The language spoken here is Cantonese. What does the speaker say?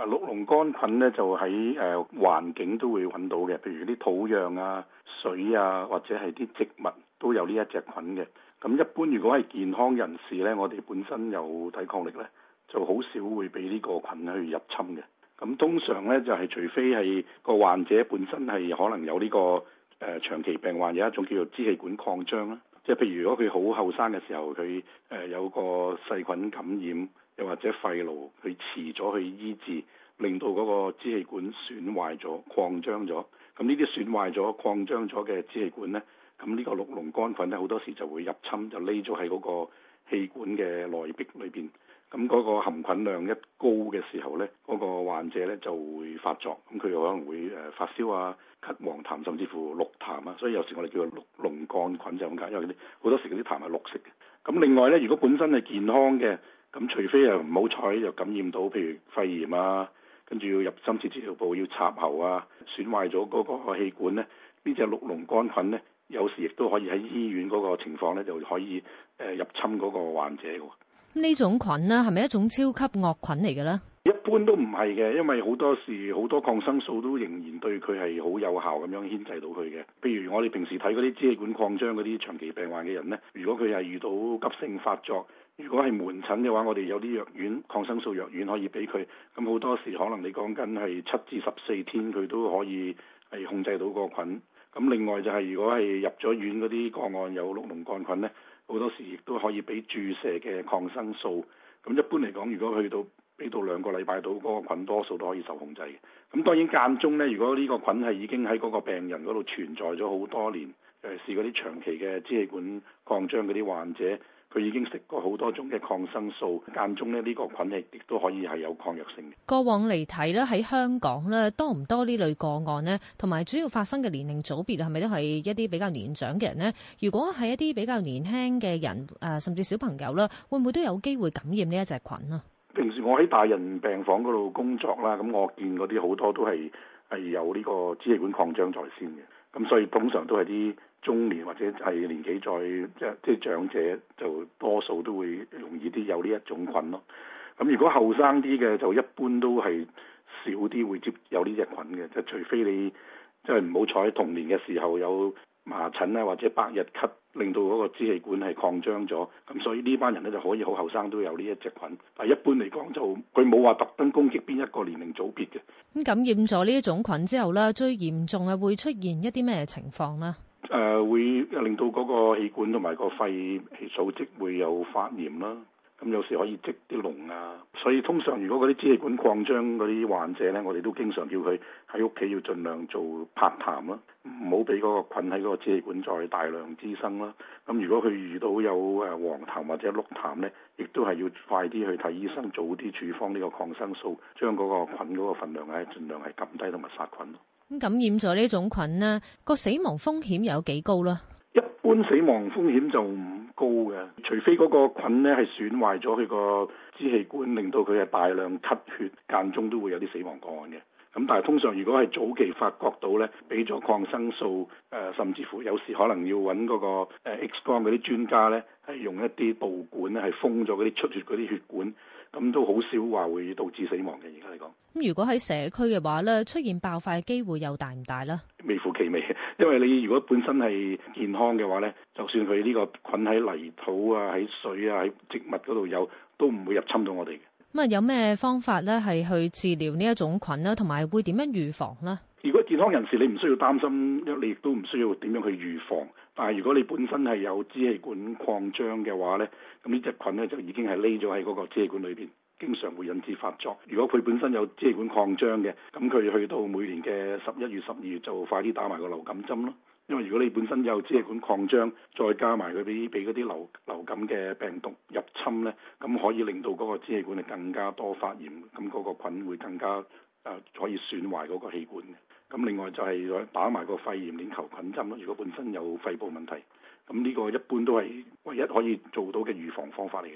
啊，綠膿桿菌咧就喺誒、呃、環境都會揾到嘅，譬如啲土壤啊、水啊，或者係啲植物都有呢一隻菌嘅。咁一般如果係健康人士咧，我哋本身有抵抗力咧，就好少會俾呢個菌去入侵嘅。咁通常咧就係、是、除非係個患者本身係可能有呢、這個誒、呃、長期病患，有一種叫做支氣管擴張啦。即係譬如，如果佢好後生嘅時候，佢誒有個細菌感染，又或者肺癆佢遲咗去醫治，令到嗰個支氣管損壞咗、擴張咗，咁呢啲損壞咗、擴張咗嘅支氣管呢，咁呢個綠膿桿菌呢，好多時就會入侵，就匿咗喺嗰個氣管嘅內壁裏邊。咁嗰個含菌量一高嘅時候呢，嗰個患者呢就會發作，咁佢又可能會誒發燒啊、咳黃痰，甚至乎綠痰啊。所以有時我哋叫綠膿桿菌就咁解，因為啲好多時嗰啲痰係綠色嘅。咁另外呢，如果本身係健康嘅，咁除非誒唔好彩又感染到，譬如肺炎啊，跟住要入深切治療部要插喉啊，損壞咗嗰個氣管呢。呢隻綠膿桿菌呢，有時亦都可以喺醫院嗰個情況呢就可以誒入侵嗰個患者嘅。呢種菌咧、啊，係咪一種超級惡菌嚟嘅呢？一般都唔係嘅，因為好多時好多抗生素都仍然對佢係好有效咁樣牽制到佢嘅。譬如我哋平時睇嗰啲支氣管擴張嗰啲長期病患嘅人呢，如果佢係遇到急性發作，如果係門診嘅話，我哋有啲藥丸抗生素、藥丸可以俾佢。咁好多時可能你講緊係七至十四天，佢都可以係控制到個菌。咁另外就係、是、如果係入咗院嗰啲個案有綠膿桿菌呢，好多時亦都可以俾注射嘅抗生素。咁一般嚟講，如果去到畀到兩個禮拜到，嗰、那個菌多數都可以受控制。咁當然間中呢，如果呢個菌係已經喺嗰個病人嗰度存在咗好多年，誒試過啲長期嘅支氣管擴張嗰啲患者，佢已經食過好多種嘅抗生素，間中咧呢個菌亦亦都可以係有抗藥性嘅。過往嚟睇咧，喺香港咧多唔多呢類個案呢？同埋主要發生嘅年齡組別係咪都係一啲比較年長嘅人呢？如果係一啲比較年輕嘅人，誒甚至小朋友啦，會唔會都有機會感染呢一隻菌啊？平時我喺大人病房嗰度工作啦，咁我見嗰啲好多都係係有呢個支氣管擴張在先嘅。咁所以通常都係啲中年或者係年紀再即係即係長者就多數都會容易啲有呢一種菌咯。咁如果後生啲嘅就一般都係少啲會接有呢隻菌嘅，就係、除非你即係唔好彩童年嘅時候有麻疹咧，或者百日咳，令到嗰個支氣管係擴張咗，咁所以呢班人咧就可以好後生都有呢一隻菌。但一般嚟講就，佢冇話特登攻擊邊一個年齡組別嘅。咁感染咗呢一種菌之後咧，最嚴重係會出現一啲咩情況咧？誒、呃，會令到嗰個氣管同埋個肺組織會有發炎啦。咁有時可以積啲膿啊，所以通常如果嗰啲支氣管擴張嗰啲患者咧，我哋都經常叫佢喺屋企要儘量做拍痰咯，唔好俾嗰個菌喺嗰個支氣管再大量滋生啦。咁如果佢遇到有誒黃痰或者綠痰咧，亦都係要快啲去睇醫生，早啲處方呢個抗生素，將嗰個菌嗰個份量咧，儘量係撳低同埋殺菌咯。咁感染咗呢種菌咧，個死亡風險有幾高咧？一般死亡風險就唔高嘅，除非嗰個菌呢係損壞咗佢個支氣管，令到佢係大量咳血，間中都會有啲死亡個案嘅。咁但係通常如果係早期發覺到呢，俾咗抗生素，誒、呃、甚至乎有時可能要揾嗰個 X 光嗰啲專家呢，係用一啲導管呢，係封咗嗰啲出血嗰啲血管，咁都好少話會導致死亡嘅。而家嚟講。如果喺社區嘅話咧，出現爆發嘅機會又大唔大咧？微乎其微，因為你如果本身係健康嘅話咧，就算佢呢個菌喺泥土啊、喺水啊、喺植物嗰度有，都唔會入侵到我哋。咁啊，有咩方法咧係去治療呢一種菌啦，同埋會點樣預防咧？如果健康人士你唔需要擔心，因你亦都唔需要點樣去預防。但係如果你本身係有支氣管擴張嘅話咧，咁呢隻菌咧就已經係匿咗喺嗰個支氣管裏邊。經常會引致發作。如果佢本身有支氣管擴張嘅，咁佢去到每年嘅十一月、十二月就快啲打埋個流感針咯。因為如果你本身有支氣管擴張，再加埋佢俾俾嗰啲流流感嘅病毒入侵呢，咁可以令到嗰個支氣管更加多發炎，咁嗰個菌會更加啊可以損壞嗰個器官嘅。咁另外就係打埋個肺炎鏈球菌針咯。如果本身有肺部問題，咁呢個一般都係唯一可以做到嘅預防方法嚟嘅。